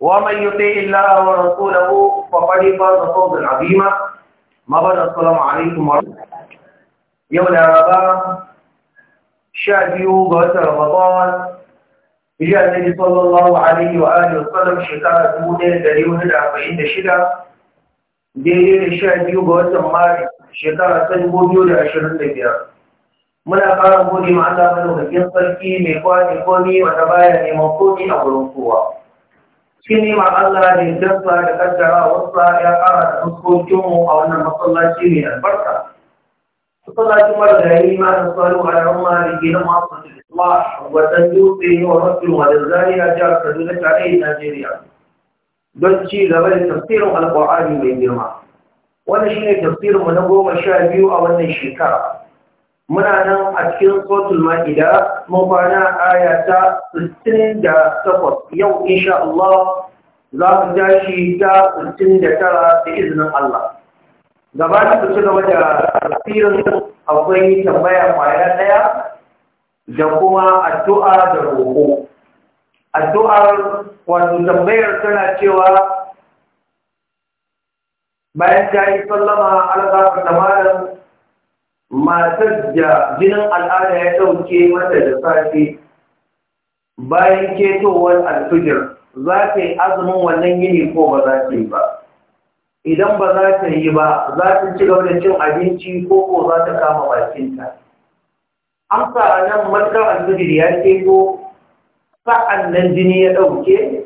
ومن يطيع الله ورسوله فقد فاز فوزا عظيما ما بعد السلام عليكم ورحمه يوم الاربعاء شهر يوغوت رمضان جاء النبي صلى الله عليه واله وسلم شكرا دونه دريون الاربعين دشدا daidai da biyu ga watan maris shekara ta biyar. muna fara gode ma Allah madaukakin sarki mai kwani komi wata baya neman cikin ma Allah ne dabba da kaddara wasa ya kara da mu a wannan masallaci mai albarka. Masallacin margari ma da tsaro a yawon ma da gina masu da isma dutse yi wa mafi wa da zariya jihar Kaduna da Najeriya. Don ci gaba da tafsirin Alƙur'ani mai girma. Wannan shine mu na goma sha biyu a wannan shekara. muna nan a cikin sotul ma'ida mun kwana aya ta da 68 yau insha Allah za mu shi ta 69 da izinin Allah gaba da su gaba da tafsirin akwai tambaya kwaya ɗaya, da kuma addu'a da roƙo addu'ar wato tambayar tana cewa bayan ta yi sallama alaƙa da malam matar da jinin al'ada ya ɗauke mata da safe bayan ketowar alfijir za ta yi azumin wannan yini ko ba za ta yi ba idan ba za ta yi ba za ta ci gaba cin abinci ko ko za ta kama bakinta amsa a nan matar alfijir ya keto sa'an nan jini ya ɗauke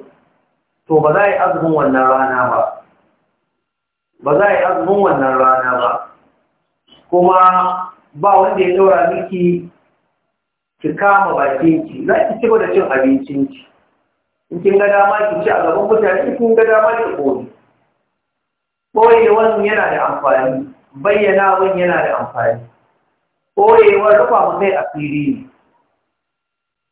to ba za a yi azumin wannan rana ba ba za a yi azumin wannan rana ba kuma ba wanda ya daura miki ki kama bakinki za ki ci da cin abincinki in kin ga dama ki ci a gaban mutane in kin ga dama ki koyi koyewan yana da amfani bayyana bayyanawan yana da amfani koyewan rufa mu kai asiri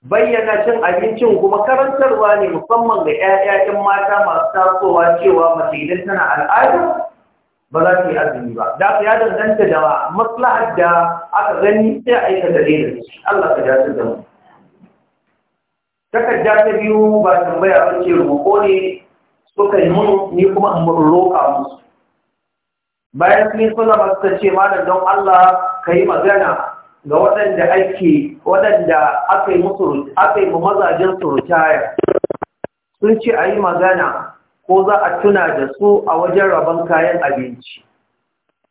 bayyana cin abincin kuma karantarwa ne musamman ga 'ya'ya'yan mata masu tasowa cewa mace idan tana al'ada ba za su yi azumi ba da ya danganta da maslahar da aka gani sai a aikata da Allah ka dace da mu takarda ta biyu ba tambaya ba ce roƙo ne suka yi mun ni kuma in roƙa musu bayan sun yi sallama suka ce malam don Allah ka yi magana ga waɗanda ake waɗanda aka yi musu aka yi mazajen su ritaya sun ce a yi magana ko za a tuna da su a wajen rabon kayan abinci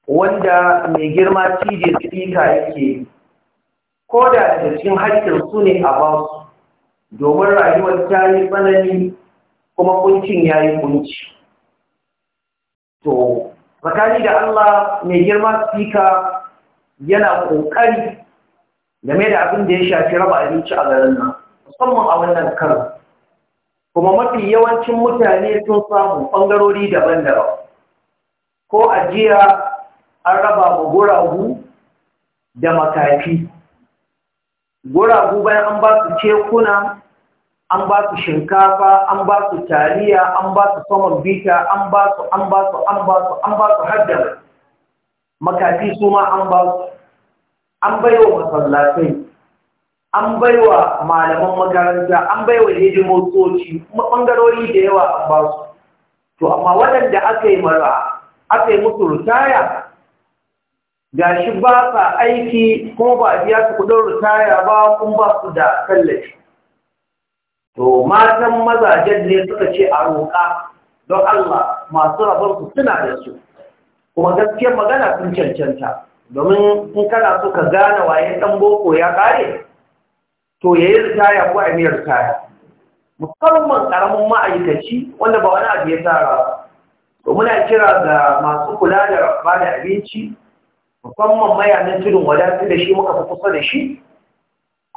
wanda mai girma cije tsika yake ko da da cikin haƙƙin su ne a ba su domin rayuwar ta yi tsanani kuma kuncin ya yi kunci to tsakani da Allah mai girma tsika yana ƙoƙari game da abin da ya shafi raba abinci a garin nan musamman a wannan karin kuma mafi yawancin mutane sun samu ɓangarori daban-daban ko ajiya an raba mu guragu da makafi guragu bayan an ba su cekuna an ba su shinkafa an ba su taliya an ba su saman bita an ba su an ba su an ba su an ba su haddar makafi su ma an ba su an bai wa masallatai an baiwa malaman makaranta an baiwa hidimotoci kuma ɓangarori da yawa an ba su to amma waɗanda aka yi mara aka yi musu ritaya ga shi ba sa aiki kuma ba biya su kudin ritaya ba kuma ba su da tallafi to matan mazajen ne suka ce a roƙa don Allah masu su suna da su kuma gaskiyar magana sun cancanta domin in kana so ka gane waye ɗan boko ya ƙare to ya yi ritaya ko a yi ritaya musamman karamin ma'aikaci wanda ba wani abu ya tara ba to muna kira ga masu kula da ba da abinci musamman mayanin tudun wadatun da shi muka fi kusa da shi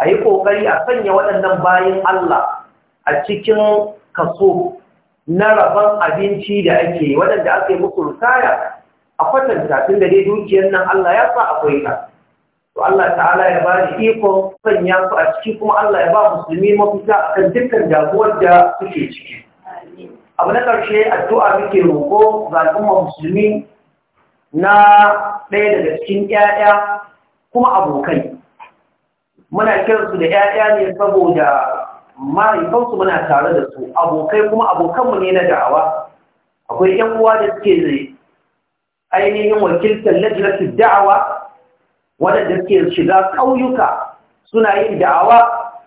a yi ƙoƙari a sanya waɗannan bayan Allah a cikin kaso na rabon abinci da ake yi waɗanda aka yi musu ritaya a kwatanta tun da dai dukiyar nan Allah ya sa akwai ta to Allah ta'ala ya ba shi iko sanya su a ciki kuma Allah ya ba musulmi mafita akan dukkan damuwar da suke ciki abu na ƙarshe addu'a muke roƙo ga al'ummar musulmi na ɗaya daga cikin 'ya'ya kuma abokai muna kiransu da 'ya'ya ne saboda mahaifansu muna tare da su abokai kuma abokanmu ne na da'awa akwai 'yan uwa da suke ainihin wakiltar lajinatul da'awa waɗanda suke shiga ƙauyuka suna yin da'awa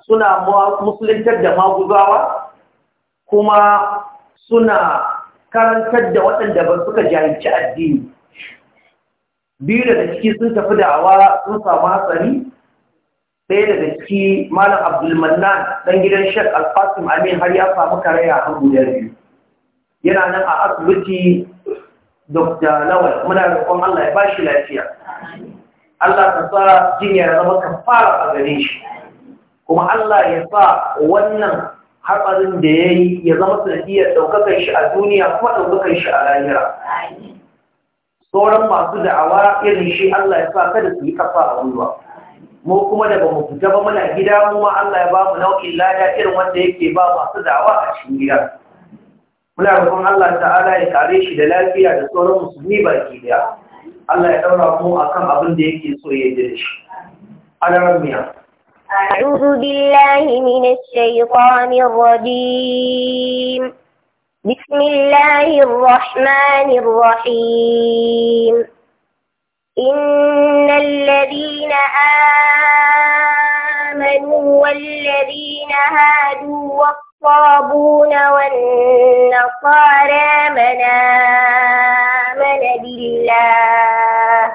suna musuluntar da maguzawa kuma suna karantar da waɗanda ba suka jahilci addini biyu daga ciki sun tafi da'awa sun samu hatsari ɗaya daga ciki malam abdulmannan ɗan gidan shek alfasim amin har ya samu karaya a guda biyu yana nan a asibiti dr lawal muna da roƙon allah ya ba shi lafiya Allah ka sa jinya ya zama kafara a gare shi kuma Allah ya sa wannan haɓarin da ya yi ya zama sanadiyar ɗaukakar shi a duniya kuma ɗaukakar shi a lahira sauran masu da'awa irin shi Allah ya sa kada su yi kafa a gwiwa. mu kuma da bamu fita ba muna gida mu ma Allah ya ba mu nau'in lada irin wanda yake ba masu da'awa a cikin gida muna roƙon Allah ta'ala ya kare shi da lafiya da sauran musulmi baki daya Allah ya daura mu akan abin da yake so ya yi miya أعوذ بالله من الشيطان الرجيم بسم الله الرحمن الرحيم إن الذين آمنوا والذين هادوا والصابون والنصارى من آمن بالله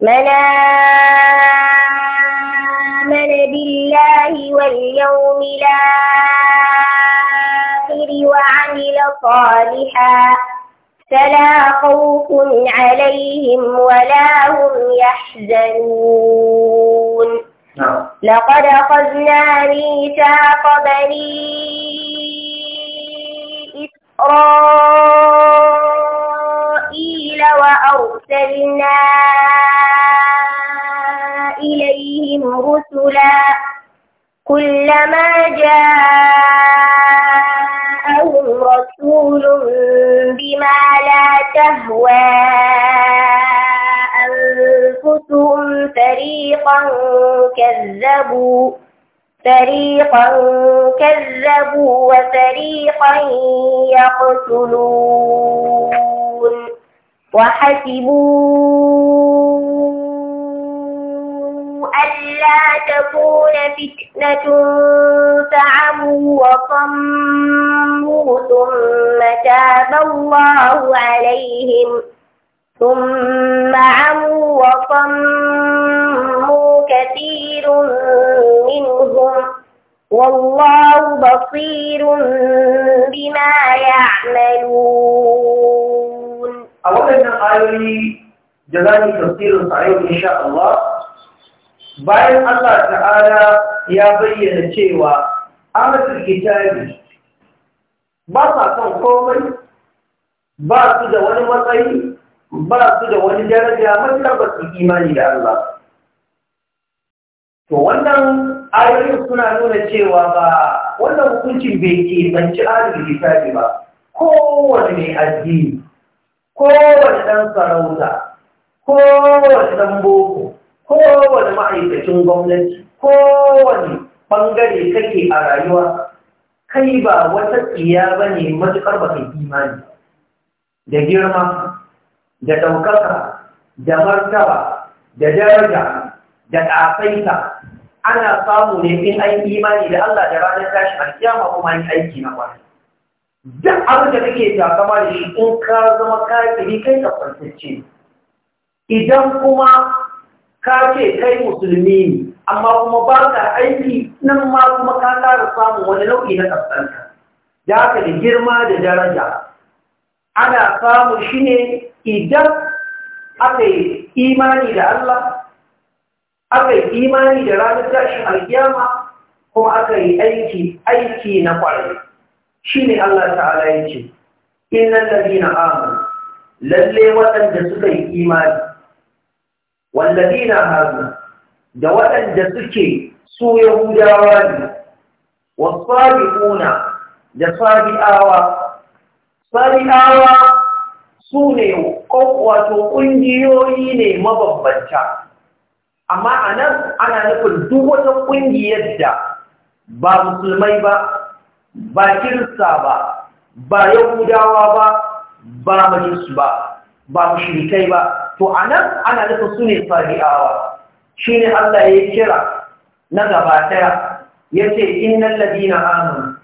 من آمن بالله واليوم الآخر وعمل صالحا فلا خوف عليهم ولا هم يحزنون نعم. لقد أخذنا ميثاق بني إسرائيل وقيل وأرسلنا إليهم رسلا كلما جاءهم رسول بما لا تهوى أنفسهم فريقا كذبوا فريقا كذبوا وفريقا يقتلون وحسبوا ألا تكون فتنة فعموا وصموا ثم تاب الله عليهم ثم عموا وصموا كثير منهم والله بصير بما يعملون a waɗannan ayoyi da za mu tafsirin sa yau insha Allah bayan Allah ta'ala ya bayyana cewa ahlul kitabi ba sa son komai ba su da wani matsayi ba su da wani daraja matuƙar ba su imani da Allah to wannan ayoyin suna nuna cewa ba wannan hukuncin bai ke banci ahlul kitabi ba kowane mai addini kowane ɗan sarauta kowane ɗan boko kowane ma'aikacin gwamnati kowane ɓangare kake a rayuwa kai ba wata tsiya ba ne matuƙar ba kai imani da girma da ɗaukaka da martaba da daraja da ƙasaita ana samu ne in an imani da Allah da ranar tashi a kuma yin aiki na kwari duk abin da kake takama da shi in ka zama kafiri kai kafantacce idan kuma ka ce kai musulmi ne amma kuma ba ka aiki nan ma kuma ka ƙara samun wani nau'i na kafanta da haka da girma da daraja ana samun shi ne idan aka yi imani da Allah aka yi imani da ranar gashin alkiyama kuma aka yi aiki aiki na kwarai shi ne Allah ta'ala ya ce, Inna ladina amur, lalle waɗanda suka yi imani, na hazu, da waɗanda suke su Yahudawa ne, wa sabi'una da sabi'awa, sabi'awa su ne wato ƙungiyoyi ne mababbanta amma a nan ana nufin duk wata ƙungiyar da ba musulmai ba ba kirista ba ba yahudawa ba ba majus ba ba mushrikai ba to anan ana nufin su ne fari'awa shine Allah ya kira na gaba ya ce, innal ladina amanu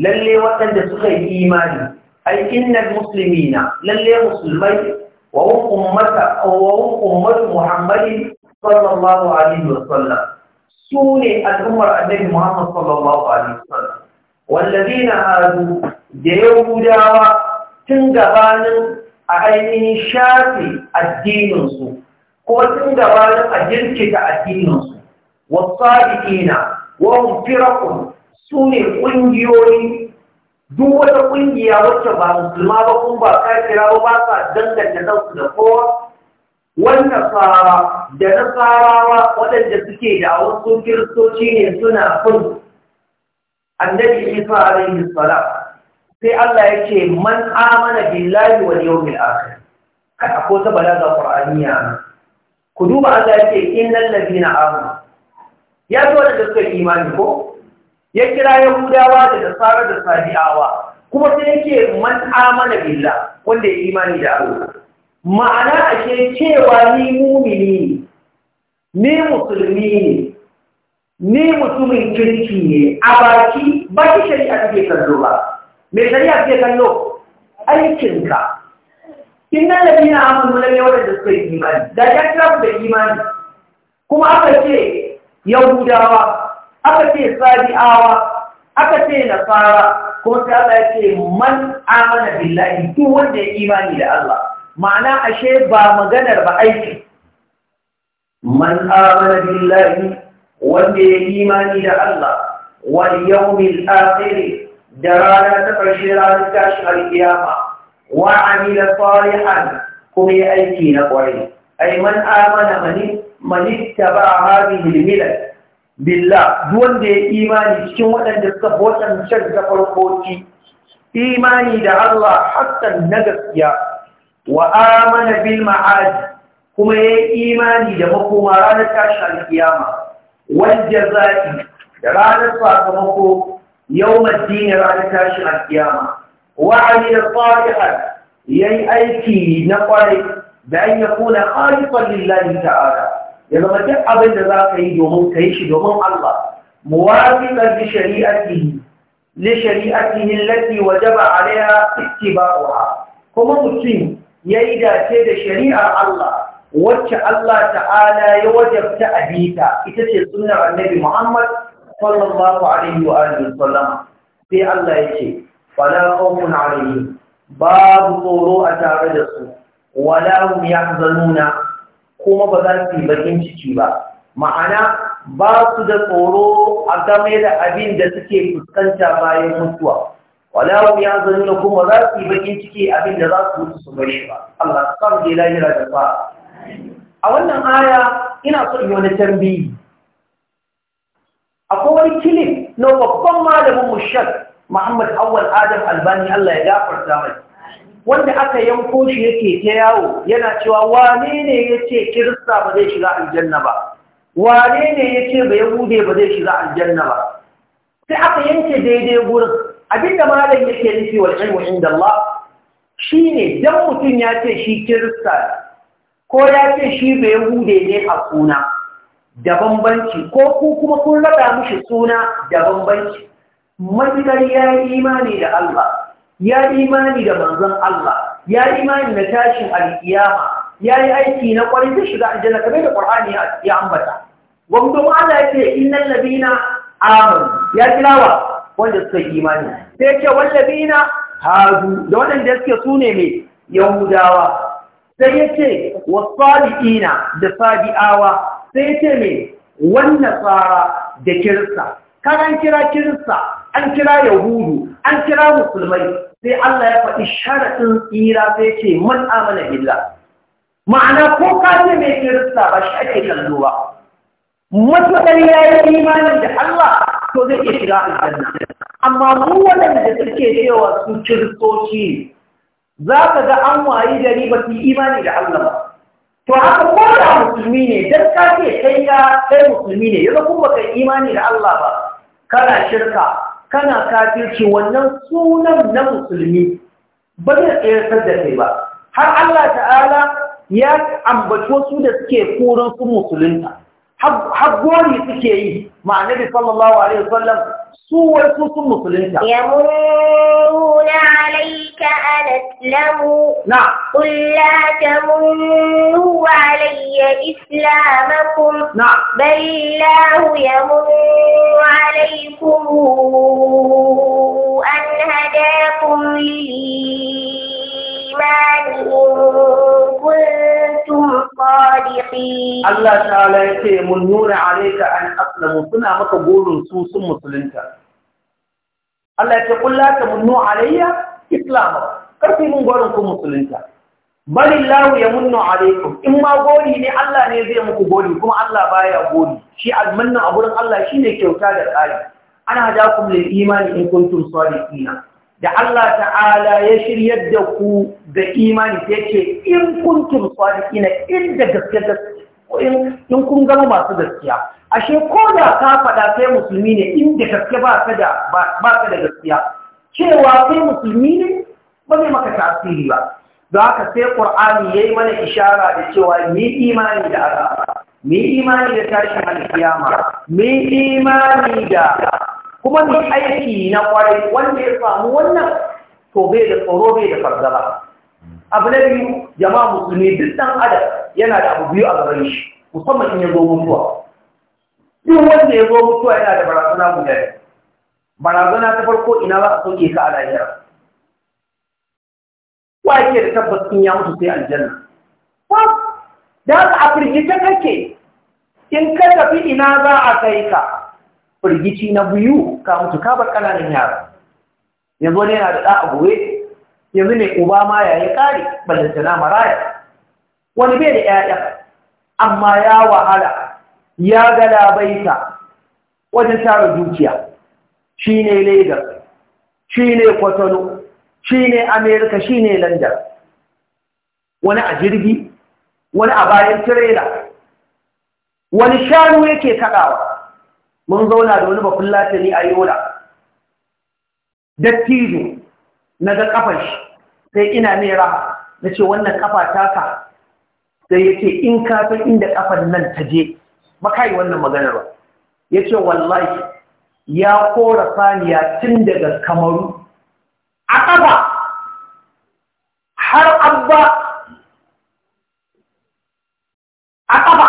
lalle waɗanda suka yi imani ay musulmi na lalle musulmai wa hum ummata wa hum ummatu muhammadin sallallahu alaihi wasallam su ne al'ummar annabi muhammad sallallahu alaihi wasallam na Hazu da ya yahudawa tun gabanin a ainihin shafe addininsu ko tun gabanin a jirkita addininsu wasabi'ina wa firakun su sune ƙungiyoyi. duk wata ƙungiya wacce ba musulma ba kun ba kafira ba ba sa danganta kansu da kowa wanda fara da nasarawa waɗanda suke da wasu kiristoci ne suna fin annabi isa alaihi salam sai Allah yake man amana billahi wal yawmil akhir kada ko ta balaga qur'aniya ku duba Allah yake innal ladina amanu ya zo da suka imani ko ya kira yahudawa da nasara da sabi'awa kuma sai yake man amana billahi wanda ya imani da Allah ma'ana ashe cewa ni mumini ne ni musulmi ne ni mutumin kirki ne a baki ba ki shari'a ke kallo ba me shari'a ke kallo aikinka inna ladina amanu lam da suka yi imani da ya kira da imani kuma aka ce yahudawa aka ce sabi'awa aka ce nasara kuma ta Allah ce man amana billahi duk wanda ya imani da Allah ma'ana ashe ba maganar ba aiki man amana billahi wanda ya imani da Allah wal yawmil akhir da rana ta ƙarshe ranar tashin alkiyama wa amila salihan kuma ya aiki na ƙwarai ai man amana mani mani taba hadhihi milal billah duk wanda ya imani cikin waɗanda suka botan shar da imani da Allah hakan na gaskiya wa amana bil ma'ad kuma ya imani da makoma ranar tashin alkiyama da ranar sakamako yau maddini ranar a alkiyama wa'ani da tsari'ar ya yi aiki na kwarai da an kuna harifar lillahi ta'ala ya zama duk abin da za ka yi domin ka yi shi domin Allah muwafiƙar li shari'atihi li shari'atihi lati ba alaiha ittiba'uha kuma mutum yayi dace da shari'ar Allah wacce Allah ta'ala ya wajabta a bita ita ce sunan annabi Muhammad sallallahu alaihi wa alihi sallama sai Allah ya ce fala khawfun alaihim babu tsoro a tare da su wala hum yahzanuna kuma ba za su yi bakin ciki ba ma'ana ba su da tsoro a game da abin da suke fuskanta bayan mutuwa wala ya yahzanuna kuma kuma za su yi bakin ciki abin da za su mutu su bari ba Allah san lahira da fa'a a wannan aya ina so yi wani tambayi akwai wani kilif na babban malamin mushak Muhammad Awwal Adam Albani Allah ya gafarta mai wanda aka yanko shi yake ta yawo yana cewa wane ne yace kirista ba zai shiga aljanna ba wane ne yace ba yahude ba zai shiga aljanna ba sai aka yanke daidai gurin abinda malam yake nufi wa ilmu inda Allah shine dan mutum ya ce shi kirista ko ya ce shi bai hude ne a suna da bambanci ko ku kuma kun raba mishi suna da bambanci matuƙar ya yi imani da Allah ya yi imani da manzon Allah ya yi imani da tashin alkiyama ya yi aiki na ƙwarin da shiga aljanna kamar da Qur'ani ya ambata wanda kuma Allah ya ce innal ladina amanu ya tilawa wanda suka yi imani sai ce wallabina hadu da waɗanda suke sune mai yahudawa sai ya ce wa da sabi'awa sai ya ce mai wannan tsara da kirista kan an kira kirista an kira yahudu an kira musulmai sai Allah ya faɗi sharaɗin tsira sai ce man amana billah ma'ana ko ka mai kirista ba shi ake kallo ba matuƙar ya yi imanin da Allah to zai iya shiga aljanna amma mu waɗanda suke cewa su kiristoci za ka ga an wayi gari ba su yi imani da Allah ba to haka ko da musulmi ne don ka ce kai ya kai musulmi ne yanzu kuma yi imani da Allah ba kana shirka kana kafirci wannan sunan na musulmi ba zai tsayar da kai ba har Allah ta'ala ya ambaci wasu da suke koran su musulunta har gori suke yi ma'anabi sallallahu alaihi wasallam سورة النصر انت يمنون عليك أن أسلموا نعم قل لا تمنوا علي إسلامكم نعم بل الله يمن عليكم أن هداكم لي Allah ta'ala ya ce mun nuna alaika an aslamu suna maka gurin su sun musulunta. Allah ya ce kulla ta mun nuna alayya islam karfi mun gurin sun musulunta. Bari lawu ya mun nuna alaikum in ma gori ne Allah ne zai muku gori kuma Allah baya gori shi almannin a gurin Allah shi ne kyauta da tsari. Ana ha ja kuma da imani in kuntum sadiqina. da Allah ta'ala ya shirya da ku da imani ta yake in kuntum sadiqina inda gaske in kun gama masu gaskiya ashe ko da ka faɗa sai musulmi ne inda gaske ba ka da ba gaskiya cewa sai musulmi ne ba zai maka tasiri ba Za ka sai ya yi mana ishara da cewa ni imani da Allah ni imani da tashin alkiyama ni imani da kuma duk aiki na kwarai wanda ya samu wannan to bai da tsoro bai da fargaba abu na biyu jama'a musulmi duk ɗan adam yana da abu biyu a gaban shi musamman in ya zo mutuwa duk wanda ya zo mutuwa yana da barazana guda ne barazana ta farko ina za a soke ka a lahira wa ke da tabbas in ya mutu sai aljanna ba da haka a firgita kake in ka tafi ina za a kai ka firgici na biyu ka mutu ka bar ƙananan yara yanzu wani yana da ɗa a goye yanzu ne uba ma ya yi ƙari ballantana maraya wani bai da ‘ya'ya amma ya wahala ya ga labaita wajen tara dukiya shi ne lagos shi ne kwatano shi ne amerika shi ne wani a jirgi wani a bayan tirela wani shanu yake kaɗawa mun zauna da wani bafin latani a yola dattijo na ga kafar shi sai ina ne raha na ce wannan kafa taka sai ya ce in ka inda kafar nan ta je maka yi wannan maganar ba ya ce wallahi ya kora saniya tun daga kamaru a ƙafa har abba a ƙafa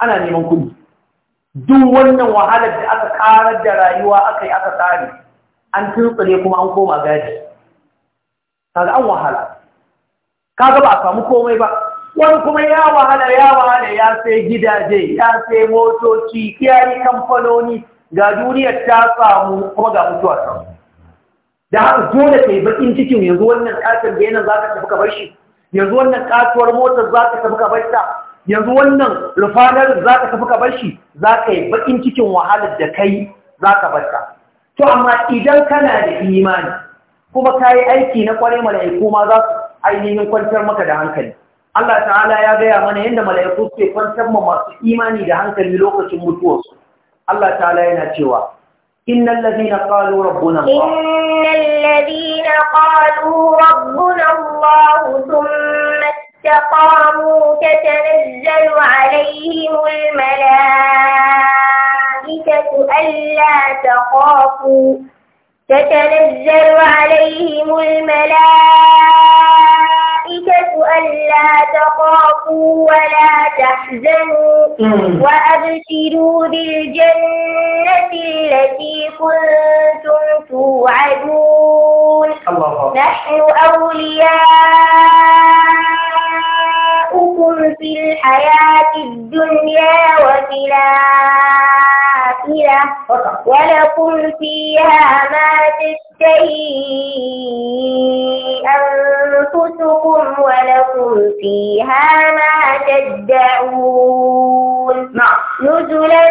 ana neman kudi duk wannan wahalar da aka karar da rayuwa aka yi aka tsari an tuntsule kuma an koma gaji kaga an wahala kaga ba a samu komai ba wani kuma ya wahala ya wahala ya sai gidaje ya sai motoci kiyari kamfanoni ga duniyar ta samu kuma ga mutuwa ta da haka dole ka bakin cikin yanzu wannan katin da yanar za ka tafi ka bar shi yanzu wannan kasuwar motar za ka tafi ka bar ta yanzu wannan rufanar za ka tafi ka bar shi za ka yi baƙin cikin wahalar da kai za ka bar ta to amma idan kana da imani kuma ka yi aiki na ƙware mala'iku ma za su ainihin kwantar maka da hankali Allah ta'ala ya gaya mana yadda mala'iku suke kwantar ma masu imani da hankali lokacin mutuwarsu Allah ta'ala yana cewa إن الذين قالوا ربنا الله إن الذين قالوا ربنا الله ثم استقاموا تتنزل عليهم الملائكة ألا تخافوا تتنزل عليهم الملائكة الملائكة ألا تخافوا ولا تحزنوا وأبشروا بالجنة التي كنتم توعدون نحن أولياؤكم في الحياة الدنيا وفي الآخرة ولكم فيها ما تشتهي أنفسكم ولكم فيها ما تدعون نعم. نزلا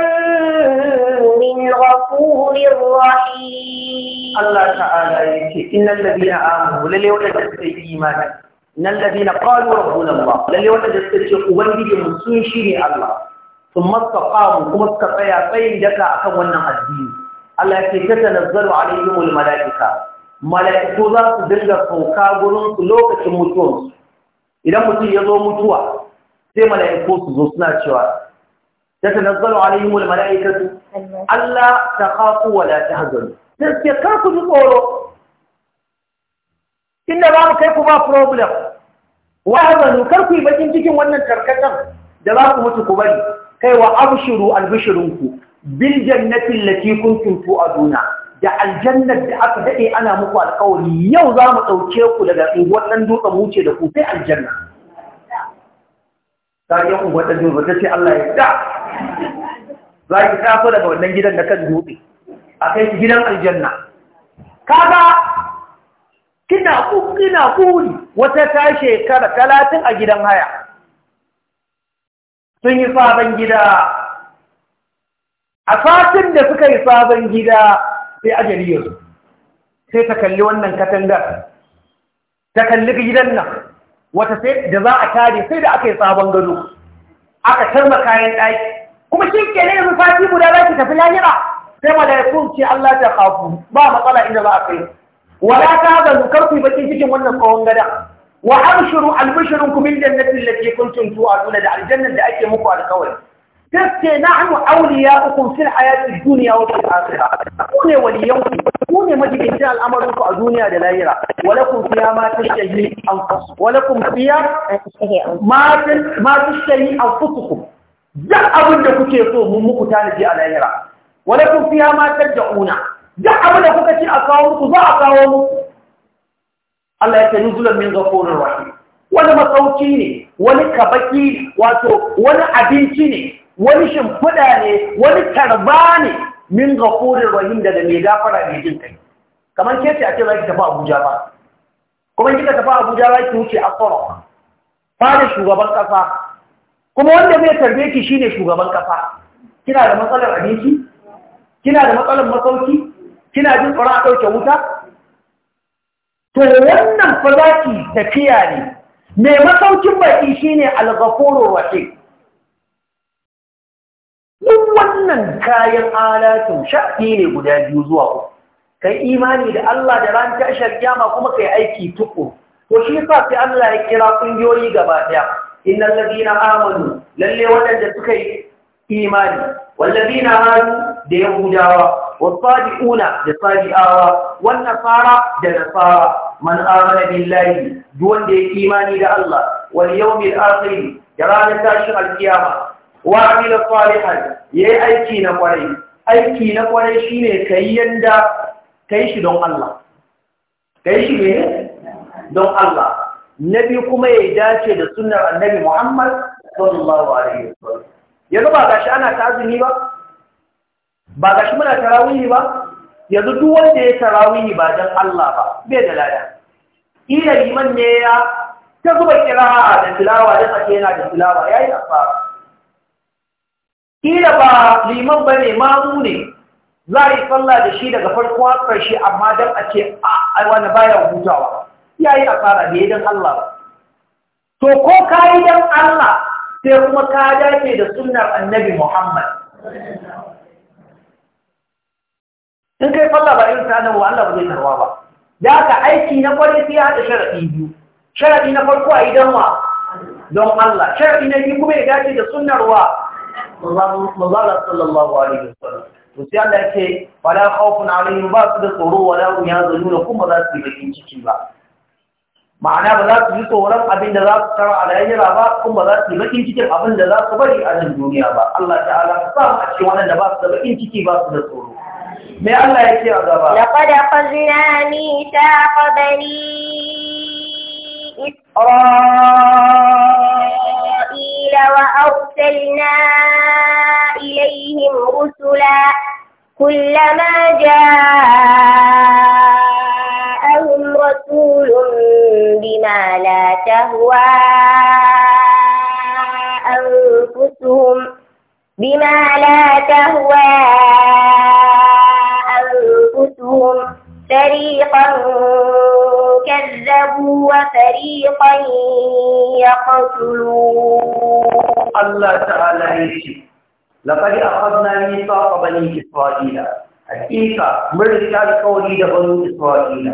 من غفور رحيم الله تعالى إن الذين آمنوا للي ولد في إن الذين قالوا ربنا الله للي ولد في أولي من سنشري الله Sun masu kuma استقاموا كما استقيا تsayin daka akan wannan addini Allah ta yake tatanazzalu alaihim mulmala'ika. malaiku za su dinga sauka gurin su lokacin mutuwar idan mutum ya zo mutuwa sai malaiku su zo suna cewa Ta tatanazzalu alaihim almalaikatu Allah takhafu wa la tahzanu sai ke kar ku ji tsoro inda ba mu kai ku ba problem wa hazanu kar ku yi bakin cikin wannan tarkatan da za ku mutu ku bari kai wa abshuru albishirunku bil jannati allati kuntum tu'aduna da aljannar da aka dade ana muku alƙawari yau za mu dauke ku daga unguwar dan dutsen wuce da ku sai aljanna sai yan unguwar dan dutsen tace Allah ya da za ki tafi daga wannan gidan da kan dutse a kai ki gidan aljanna kaga kina ku kina kuri wata ta shekara 30 a gidan haya sun yi sabon gida a satin da suka yi sabon gida sai ajali ya sai ta kalli wannan katangar ta kalli gidan nan wata sai da za a tare sai da aka yi sabon gado aka tarma kayan ɗaki kuma shi ke ne yanzu fati guda za ki tafi lahira sai malaikun ce Allah ta kafu ba matsala inda ba a kai wala ta ga zukar ku bakin cikin wannan tsohon gada wa abshuru albishrukum bil jannati allati kuntum tu'aduna da aljannan da ake muku alƙawari tace nahnu awliya'ukum fil hayati dunya wa fil akhirah ku ne waliyanku ku ne majibinci al'amarin ku a duniya da lahira wa lakum fiya ma tashtahi anfusukum wa lakum fiha ma ma tashtahi anfusukum duk abin da kuke so mun muku tanaji a lahira wa lakum fiya ma tad'una duk abin da kuka ci a kawo muku za a kawo muku Allah ya ce nuzulan min ghafurur rahim wani masauki ne wani kabaki wato wani abinci ne wani shimfiɗa ne wani karba ne min ghafurur rahim daga mai gafara mai jin kai kamar ke ce a ce za ki tafi Abuja ba kuma kika tafi Abuja za ki wuce Asoro fara shugaban kasa kuma wanda zai tarbe ki shine shugaban kasa kina da matsalar abinci kina da matsalar masauki kina jin tsoron a ɗauke wuta to wannan fa za ki tafiya ne mai masaukin baki shine ne ghafurur rahim duk wannan kayan alatun shafi ne guda biyu zuwa ku, kai imani da Allah da ran tashar kiyama kuma kai aiki tuku Ko shi sa sai Allah ya kira kungiyoyi gaba ɗaya? Inna ladina amanu lalle waɗanda suka yi imani wal ladina hadu da yahudawa was sadiquna da sadiqawa wannan fara da nasara man amana billahi duk ya imani da Allah wal yawmil akhir ya ranar tashin alkiyama wa amila salihan yayi aiki na kwarai aiki na kwarai shine kai yanda kai shi don Allah kai shi ne don Allah nabi kuma ya dace da sunnar annabi Muhammad sallallahu alaihi wasallam yanzu ba gashi ana ta azumi ba ba gashi muna tarawih ba yanzu duk wanda ya tarawihi ba don Allah ba bai da lada Ina liman ne ya ta zuba kira'a da tilawa da tsake yana da filawa. Ya yi asara Ina ba liman ba ne, mamu ne za a yi falla da shi daga farko har karshe amma don a ce a ai wani baya hutawa Ya yi asara bai don Allah ba to ko ka yi don Allah sai kuma ka dace da sunnar annabi Muhammad in kai falla ba irin ta Allah ba zai tarwa ba da aiki na kwarai sai ya haɗa sharaɗi biyu sharaɗi na farko a idan wa don Allah sharaɗi na biyu kuma ya dace da sunnarwa manzala sallallahu alaihi wasallam to sai Allah yake wala khawfun alaihim ba su da tsoro wala hum yazununa kuma za su yi bakin ciki ba ma'ana ba za su yi tsoron abin da za su tara a lahira ba kuma ba za su yi bakin cikin abin da za su bari a nan duniya ba Allah ta'ala ka sa a cikin waɗanda ba su da bakin ciki ba su da tsoro لقد أخذنا ميثاق بني إسرائيل وأرسلنا إليهم رسلا كلما جاءهم رسول بما لا تهوى أنفسهم بما لا تهوى فريقا كذبوا وفريقا يقتلون الله تعالى يشي لقد أخذنا ميثاق بني إسرائيل حقيقة من قولي بني إسرائيل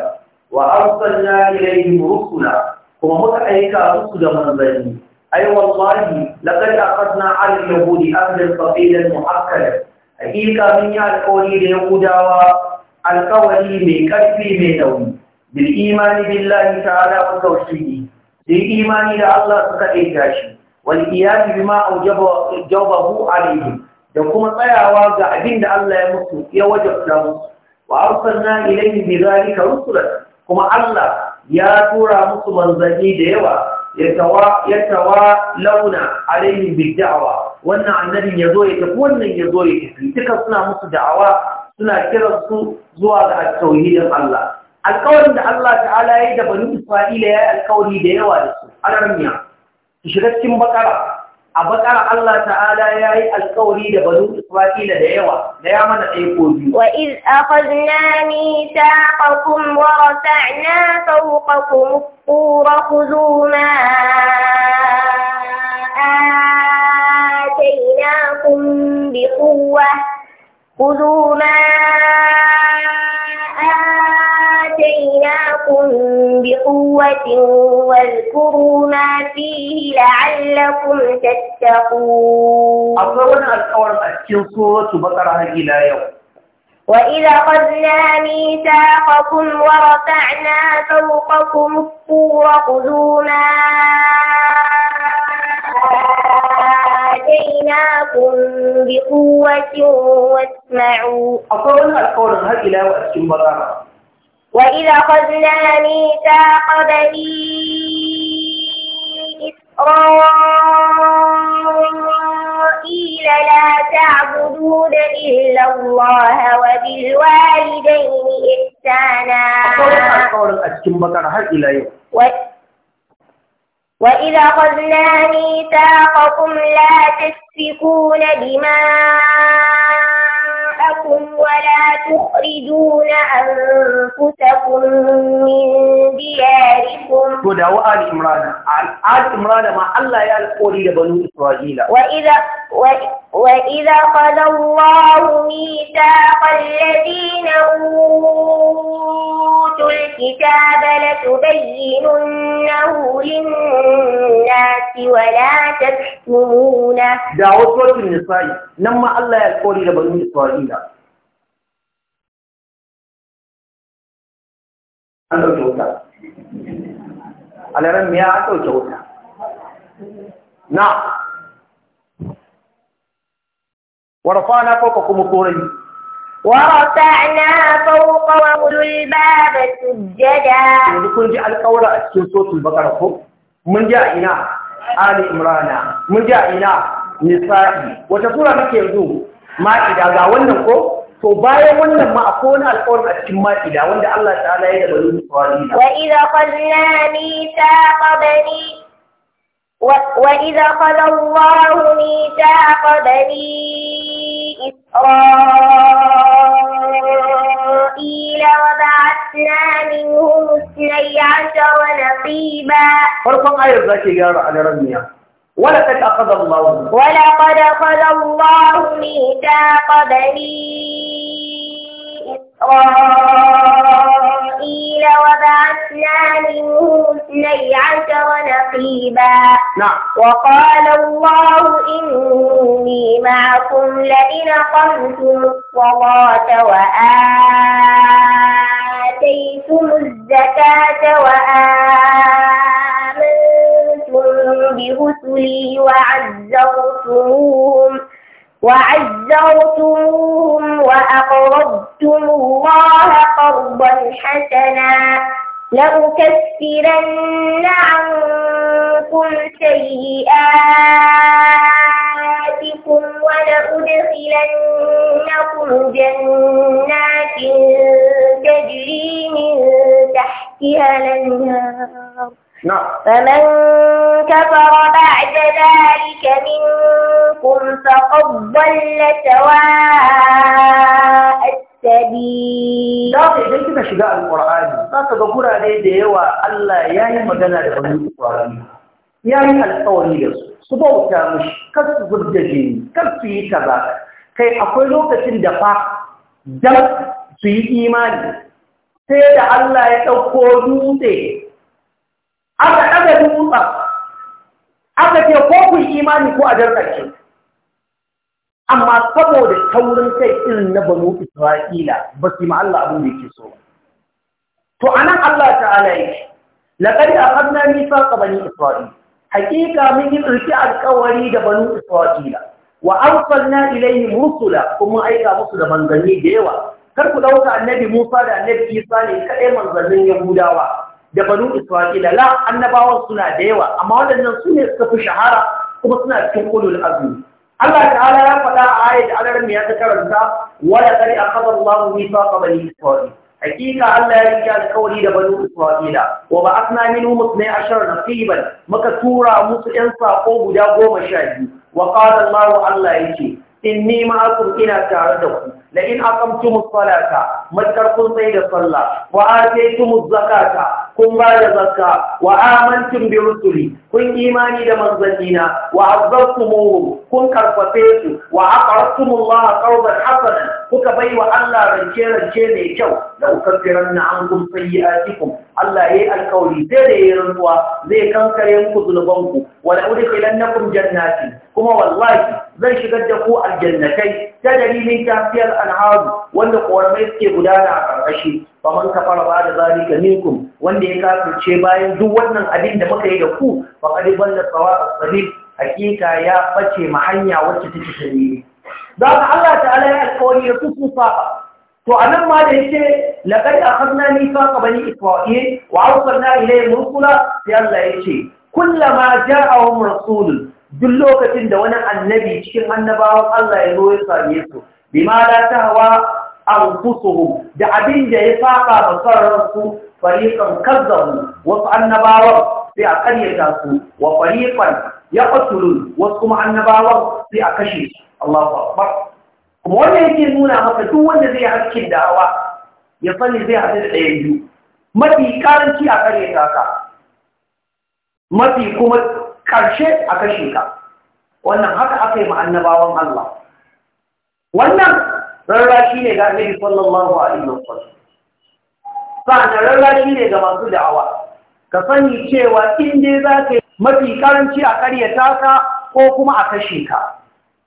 وأرسلنا إليهم رسلا kuma muka aika musu da manzanni ai wallahi laqad aqadna al yahudi ahd al qabil al muakkad hakika mun yi alƙawari da yahudawa alkawari mai ƙarfi mai nauyi bil imani billahi ta'ala wa tawhidi da imani da Allah suka aika shi wal iyadi bima aujaba alayhi da kuma tsayawa ga abin da Allah ya mutu ya wajabta musu wa arsalna ilayhi bi zalika rusulan kuma Allah ya tura musu manzanni da yawa ya tawa launa alaihim bid'awa wannan annabin yazo ya tafi wannan yazo ya tafi duka suna musu da'awa suna kiransu zuwa ga tauhidin Allah alƙawarin da Allah ta'ala ya yi da bani Isra'ila ya yi alƙawari da yawa da su a ramiya su shiga cikin bakara a bakara Allah ta'ala ya yi alƙawari da bani Isra'ila da yawa da ya mana ɗaya ko biyu wa iz akhadna mithaqakum wa rafa'na fawqakum qura khudhu ma bi بقوة خذوا ما آتيناكم بقوة واذكروا ما فيه لعلكم تتقون أقول سورة بقرة إلى يوم وإذا أخذنا ميثاقكم ورفعنا فوقكم الطور خذوا ما آتيناكم بقوة واسمعوا أقول القول هل إلى وأسكن برانا وإذا أخذنا ميثاق بني إسرائيل لا تعبدون إلا الله وبالوالدين إحسانا أقول القول أسكن برانا هل إلى يوم وإذا أخذنا ميثاقكم لا تسفكون دماءكم معكم ولا تخرجون أنفسكم من دياركم تدعوا آل إمران آل إمران ما الله يالقولي لبنو إسرائيل وإذا وإذا أخذ الله ميثاق الذين أوتوا الكتاب لتبيننه للناس ولا تكتمونه دعوة النساء لما الله يقول لبني إسرائيل an ɗauke wuta alaran miya an ɗauke wuta na warfana fauka kuma wa ورفعنا فوقهم الباب سجدا yanzu kun ji alƙawara a cikin sotul bakara ko mun ji a ina ali imrana mun ji a ina nisa'i wata sura muke yanzu ma'ida ga wannan ko to bayan wannan ma akwai wani alƙawarin a cikin ma'ida wanda Allah ta'ala ya da bani Isra'ila wa idza qadna mithaqa bani وإذا قضى الله ميثاق بني إسرائيل وبعثنا منهم اثني عشر نقيبا فرقم آية ذاك يا على رمية ولقد أخذ الله ولقد أخذ الله ميثاق بني إسرائيل وبعثنا منهم اثني عشر نقيبا نعم وقال الله إني معكم لئن أقمتم الصلاة وآتيتم الزكاة وآمنتم برسلي وعزرتموهم وعزرتموهم وأقرضتم الله قرضا حسنا لأكفرن عنكم سيئاتكم ولأدخلنكم جنات تجري من تحتها الأنهار نعم. فمن كفر بعد ذلك منكم فقد ضل سواء السبيل da ka idan kika shiga alƙur'ani za ka ga gurare da yawa Allah ya yi magana da wani ƙwararri ya yi alƙawari da su su bauta mushi kar su zubda jini kar su yi kaza kai akwai lokacin da fa su yi imani sai da Allah ya ɗauko dutse aka ɗaga aka ce ko ku imani ko a jarkarce amma saboda taurin kai irin na banu isra'ila ba su yi ma Allah abin da yake so Allah ta'ala yake laqad akhadna mithaqa bani isra'ila hakika mun yi alƙawari da banu isra'ila wa arsalna ilayhim rusula kuma aika musu da manzanni da yawa kar ku dauka annabi Musa da annabi Isa ne kadai manzannin Yahudawa da banu isra'ila la annabawa suna da yawa amma waɗannan su ne suka fi shahara kuma suna cikin ulul azmi Allah ta'ala ya faɗa a ayat alaram ya ta karanta wala qad akhadha Allahu mithaqa bani isra'ila hakika Allah ya rike alƙawari da banu isra'ila wa ba'athna minhum 12 naqiban muka tura musu ɗan sako guda 12 wa qala Allah Allah yake inni ma'akum ina tare da ku Da in aqamtumus salata matkar kun sai da sallah wa ataytumuz zakata kun ba da zakka wa amantum bi rusuli kun imani da manzannina wa azzartumuhum kun karfafe su wa aqartumullaha qawlan hasanan kuka bai wa Allah rance rance mai kyau da ukaffiranna ankum sayyi'atikum Allah yayi alkawari sai da yayin rantsuwa zai kankare muku zunubanku wa la udkhilannakum jannatin kuma wallahi zan shigar da ku aljannatai ta dalilin tafiyar al-anharu wanda ƙoramai suke gudana a karkashi faman kafara ba da zalika minkum wanda ya kafirce bayan duk wannan abin da muka yi da ku faqad balla a sabil hakika ya bace ma hanya wacce take shari'i da Allah ta'ala ya alƙawari da su to anan ma da yake laqad akhadna mithaqa bani isra'il wa awsalna ilayhim rusula sai Allah yace kullama ja'ahum rasul duk lokacin da wani annabi cikin annabawan Allah ya zo ya same su bima la tahwa anfusuhum da abin da ya saba basarar su fariqan kazzabu wasu annabawan sai a karyata su wa fariqan yaqtulun wasu kuma annabawan sai a kashe su Allahu akbar kuma wannan yake nuna maka duk wanda zai hakkin da'awa ya sani zai haɗu da ɗayan biyu mafi karanci a karyata ka mafi kuma ƙarshe a kashe ka wannan haka aka yi ma annabawan Allah wannan rarra shi ne ga annabi sallallahu alaihi wasallam sa'an shi ne ga masu da'awa ka sani cewa in dai za ka mafi karanci a karya taka ko kuma a kashe ka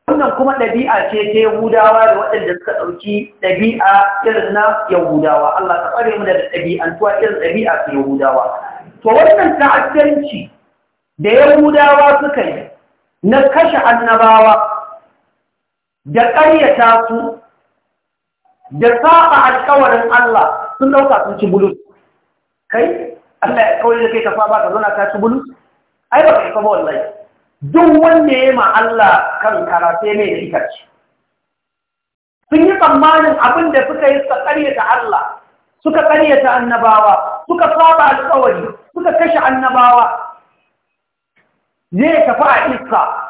wannan kuma ɗabi'a ce ta yahudawa da waɗanda suka ɗauki ɗabi'a irin na yahudawa Allah ka ɓare mu da ɗabi'antuwa irin ɗabi'a ta yahudawa to wannan ta'addanci da yahudawa suka yi na kashe annabawa da ƙaryata su da saba alƙawarin Allah sun ɗauka sun ci bulus kai Allah ya kawai da kai ka saba ka zauna ka ci bulus ai ba ka saba wallahi duk wanda ya ma Allah kan karafe ne da ita ce? sun yi tsammanin abin da suka yi suka ƙaryata Allah suka ƙaryata annabawa suka saba alƙawari suka kashe annabawa zai tafi a iska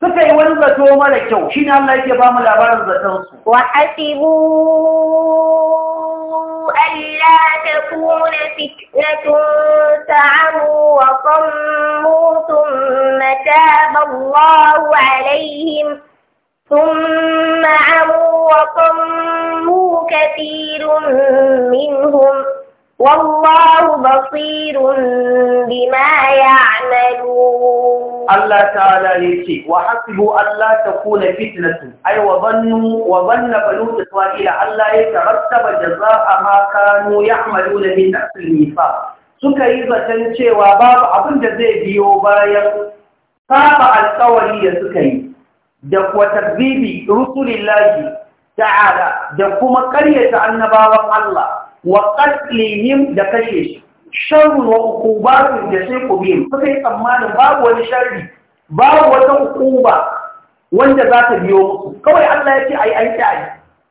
suka yi wani zato mara kyau shi ne Allah yake ba mu labarin zatonsu. Wa hasibu ألا تكون فتنة تعموا وصموا ثم تاب الله عليهم ثم عموا وصموا كثير منهم والله بصير بما يعملون الله تعالى يشي وحسبوا ألا تكون فتنة أي وظنوا وظن بنو إسرائيل ألا يترتب جزاء ما كانوا يعملون من نفس الميثاق suka yi zaton cewa babu abin da zai biyo bayan saba alkawari da suka yi da kuwa tabbibi rusulillahi ta'ala da kuma karyata annabawan Allah wa qatlihim da kashe shi sharru wa uqubatu da sai ku biyu sai tsammanin babu wani sharri babu wata ƙuba, wanda za ta biyo musu kawai Allah ya ce yi aiki a yi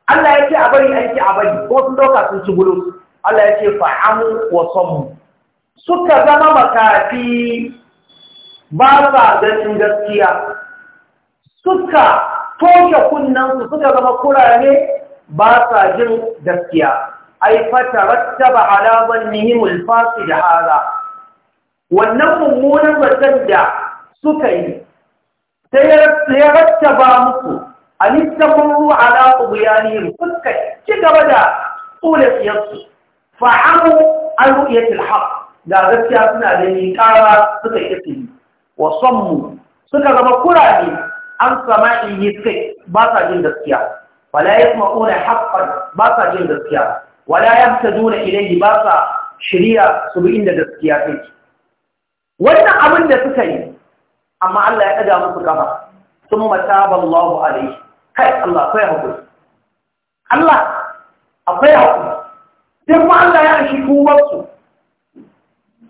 Allah ya ce a bari aiki a bari ko sun dauka sun ci gudu Allah ya ce fa'amu wa sammu suka zama makafi ba sa ganin gaskiya suka toshe kunnansu suka zama kurare ba sa jin gaskiya ai fatarattaba ala zannihim alfasid hada wannan mummunan zaton da suka yi sai ya rattaba musu alistamarru ala tughyanihim suka ci gaba da tsula siyarsu fa'amu an ru'yatil haqq da gaskiya suna da ni ƙara suka yi wa sammu suka zama kurare an sama'i yi kai ba sa jin gaskiya wala yasma'una haqqan ba sa jin gaskiya wala yaftaduna ilayhi ba sa shari'a su bi inda gaskiya take wannan abin da suka yi amma Allah ya ɗaga musu kafa sun mataba Allahu alaihi kai Allah akwai hakuri Allah akwai hakuri duk ma Allah ya shi tubarsu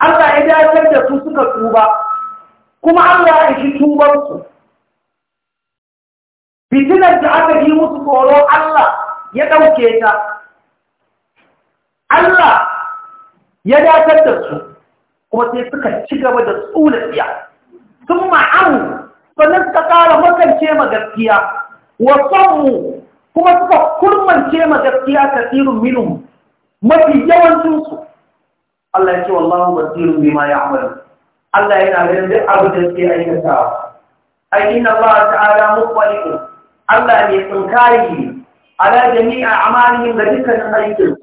Allah ya dakatar da su suka tuba kuma Allah ya shi tubarsu fitinar da aka yi musu tsoro Allah ya ɗauke ta Allah ya datar da su kuma sai suka ci gaba da tsula tsiya sun ma'amu sannan suka ƙara makance ma gaskiya wasanmu kuma suka kurmance ma gaskiya tsirin minum mafi yawancinsu Allah ya ce wallahu tsirin bima ya amalu Allah yana ganin duk abu da suke aikata ai inna Allah ta'ala muqbalin Allah ne tsinkari ala jami'a amalihim da dukkanin aikinsu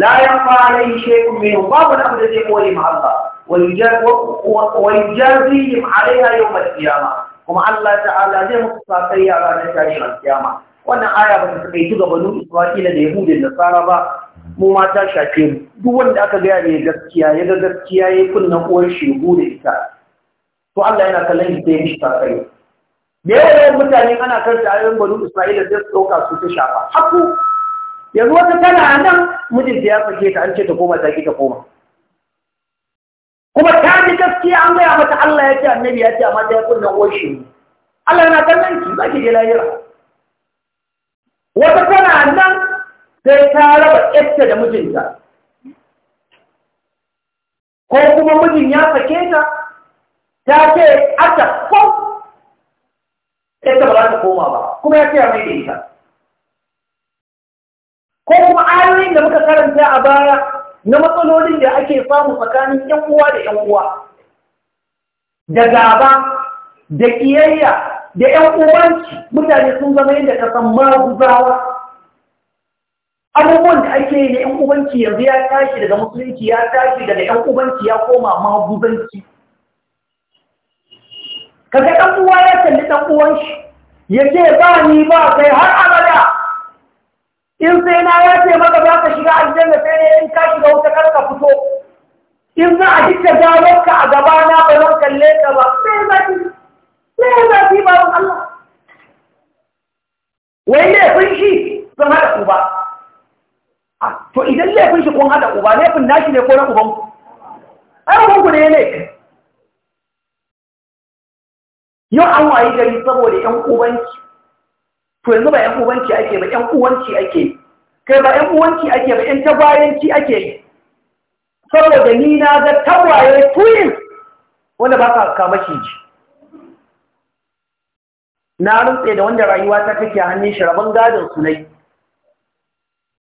la yanfa alayhi shay'un minhu babu na da zai kore ma Allah wa yujazihim alaiha yawm al-qiyamah kuma Allah ta'ala zai musu sakayya ranar tashin al-qiyamah wannan aya ba ta kai ga banu Isra'ila da Yahudi da Nasara ba mu ma ta duk wanda aka gaya ya ya ga gaskiya ya kunna uwar shegu da ita to Allah yana kallon shi sai mishi sakai da yawan mutane ana karanta ayoyin banu Isra'ila sai su dauka su ta shafa haku yanzu wata tana a nan mijinta ya sake ta an ce ta koma ta ta koma kuma ta ji gaskiya an gaya mata Allah ya ce annabi ya ce amma ta yi kunnan washe Allah yana kallon ki za ki je lahira wata tana nan sai ta raba ƴarta da mijinta ko kuma mijin ya sake ta ta ce a ta ko ƴarta ba za ta koma ba kuma ya ce a mai da ita ko kuma ayoyin da muka karanta a baya na matsalolin da ake samu tsakanin ‘yan uwa da ‘yan uwa, da gaba, da ƙiyayya, da ‘yan uwanci mutane sun zama yadda ka san maguzawa. Abubuwan da ake yi na ‘yan uwanci yanzu ya tashi daga musulunci ya tashi daga ‘yan uwanci ya koma maguzanci. Kaga ɗan uwa ya kalli ɗan uwan shi, ya ce ba ni ba kai har a in sai na ya ce maka za ka shiga aljanna sai ne in ka shiga wuta kar ka fito in za a dika gawarka a gaba na ba zan kalle ka ba sai ki sai ki ba Allah wai laifin shi sun haɗa uba to idan laifin shi kun haɗa uba laifin nashi ne ko na uban ku ai uban ku ne ne yau an wayi gari saboda ƴan ubanki to yanzu ba yan uwanci ake ba yan uwanci ake kai ba yan uwanci ake ba yan tabayanci ake saboda ni na ga tawaye tuyin wanda ba ka kama shi ji na rutse da wanda rayuwa ta take hannun shi rabon gadon su nai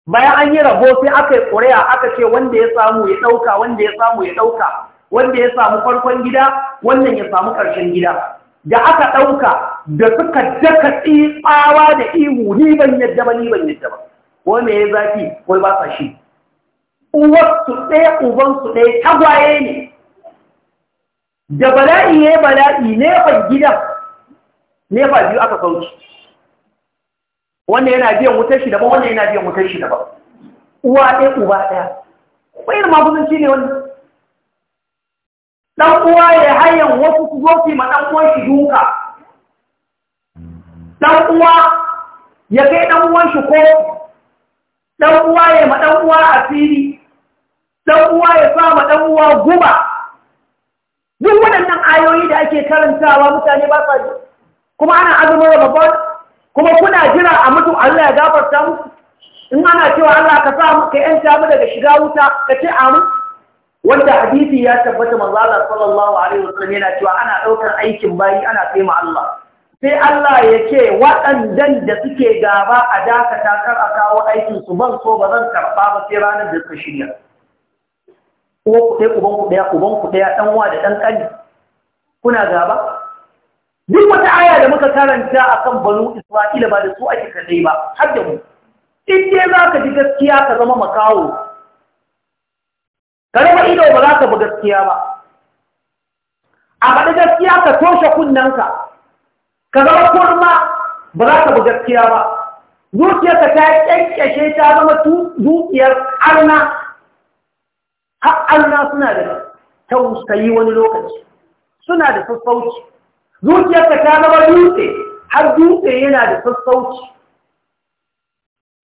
bayan an yi rabo sai aka yi ƙuri'a aka ce wanda ya samu ya ɗauka wanda ya samu ya ɗauka wanda ya samu farkon gida wannan ya samu ƙarshen gida da aka ɗauka da suka daka tsawa da ihu ni ban yadda ba ni ban yadda ba wai me ya zafi wani ba sa shi uwarsu ɗaya ubansu ɗaya tagwaye ne da bala'i ya bala'i nefa gidan nefa biyu aka sauki Wannan yana biyan wutar shi da ba, wannan yana biyan wutar shi da ba. uwa ɗaya uba ɗaya ƙwayar maguzanci ne wani ɗan uwa ya hayan wasu su zo ma ɗan uwan shi duka dan uwa ya kai dan uwan shi ko dan uwa ya ma dan uwa asiri dan uwa ya sa ma dan uwa guba duk waɗannan ayoyi da ake karantawa mutane ba sa ji kuma ana azumin Ramadan kuma kuna jira a mutu Allah ya gafarta muku in ana cewa Allah ka sa mu ka yanta mu daga shiga wuta ka ce amin wanda hadisi ya tabbata manzo Allah sallallahu alaihi wasallam yana cewa ana daukar aikin bayi ana taimaka ma Allah sai Allah ya ce waɗandan da suke gaba a dakata kar a kawo aikinsu ban so ba zan karɓa ba sai ranar da suka shirya. Uban ku ɗaya, uban ɗaya, ɗan wa da ɗan ƙani, kuna gaba? Duk wata aya da muka karanta a kan banu Isra'ila ba da su ake kaɗai ba, har da mu. In dai za ka ji gaskiya ka zama makawo, ka raba ido ba za ka bi gaskiya ba. A faɗi gaskiya ka toshe kunnenka, ka zama kurma ba za ka bi gaskiya ba zuciyarka ta ƙyanƙyashe ta zama zuciyar arna har arna suna da tausayi wani lokaci suna da sassauci zuciyarka ta zama dutse har dutse yana da sassauci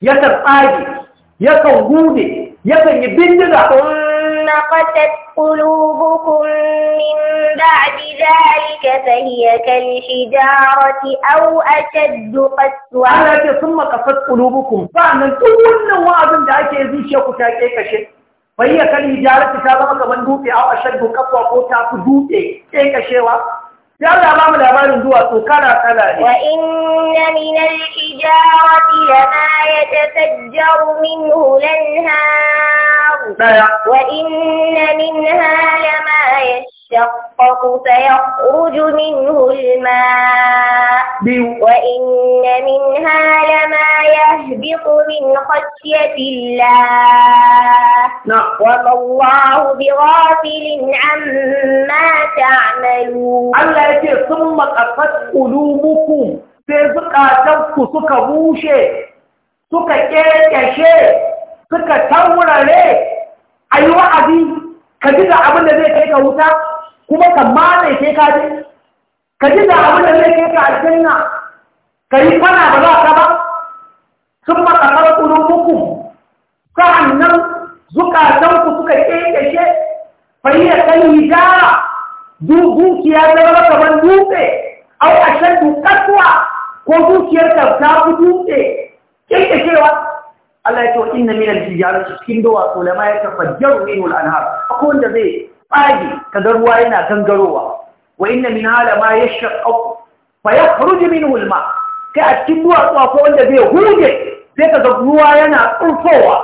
yakan tsage yakan gude kan yi bindiga ثم قست قلوبكم من بعد ذلك فهي كالحجارة أو أشد قسوة أنا ثم قست قلوبكم فأنا تقولنا وأظن دعك يزيشي أي كشي فهي كالحجارة تتابع كمن دوبي أو أشد قسوة وكتاك دوبي أي كشيوا جعل أمام الأمان دوا سكانا كذا وإن من الحجارة لما يتفجر منه الأنهار وإن منها لما يشتر يشقق فيخرج منه الماء وإن منها لما يهبط من خشية الله نعم. وما الله بغافل عما تعملون الله يجي ثم قصد قلوبكم سيزقى تبكو سكا بوشي سكا كيكشي سكا تورا لي أيوة عبيد كذلك عبدنا ذلك هيك kuma ka mane ke ka je ka ji da abin da zai kai ka aljanna ka yi fana ba za ka ba sun maka makasar ƙulubukun sa'an nan zukatanku suka ƙeƙashe fayyar kan hijara dukiya ta zama kamar dutse au a shan dukatuwa ko dukiyar ka ta fi dutse Keke ƙeƙashewa Allah ya ce wa inna minal hijara cikin dawa sulama ya tafajjaru minul anhar akwai wanda zai tsage kaga ruwa yana gangarowa wa inna min hala ma yashaqqu fa yakhruju minhu al kai a cikin duwatsu wanda zai huje sai kaga ruwa yana tsurfowa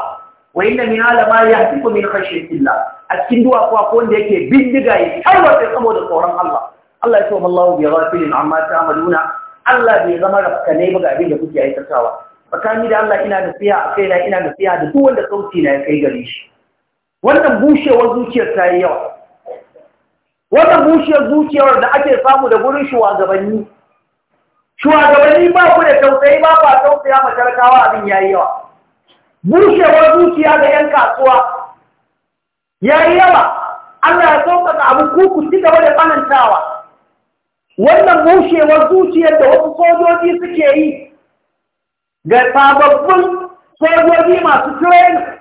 wa inna min hala ma yahtiku min khashyatillah a cikin duwatsu akwai wanda yake bindiga ya sai saboda tsoron Allah Allah ya so mallahu bi ghafilin amma ta'maluna Allah bai zama rafkane ba ga abin da kuke aikatawa tsakani da Allah ina siya a kaina ina siya da duk wanda sauti na ya kai gare shi wannan bushewar zuciyar ta yi yawa wannan bushiyar zuciyar da ake samu da gurin shugabanni shugabanni ba ku da tausayi ba ba tausaya ma talakawa abin yayi yawa bushewar zuciya ga yan kasuwa yayi yawa Allah ya sauƙaƙa abu ku ku da tsanantawa wannan bushewar zuciyar da wasu sojoji suke yi ga sababbin sojoji masu training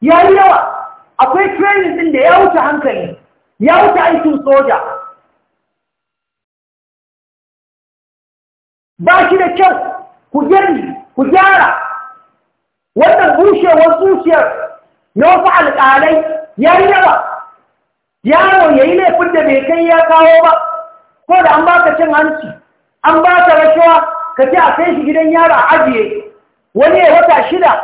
yayi yawa akwai training din da ya wuce hankali ya wuce aikin soja ba shi da kyau ku gani ku gyara wannan bushewar zuciyar na wasu alƙalai ya yi yawa yaro ya yi laifin da bai kai ya kawo ba ko da an baka cin hanci an baka rashawa ka ce a kai shi gidan yaro a ajiye wani ya wata shida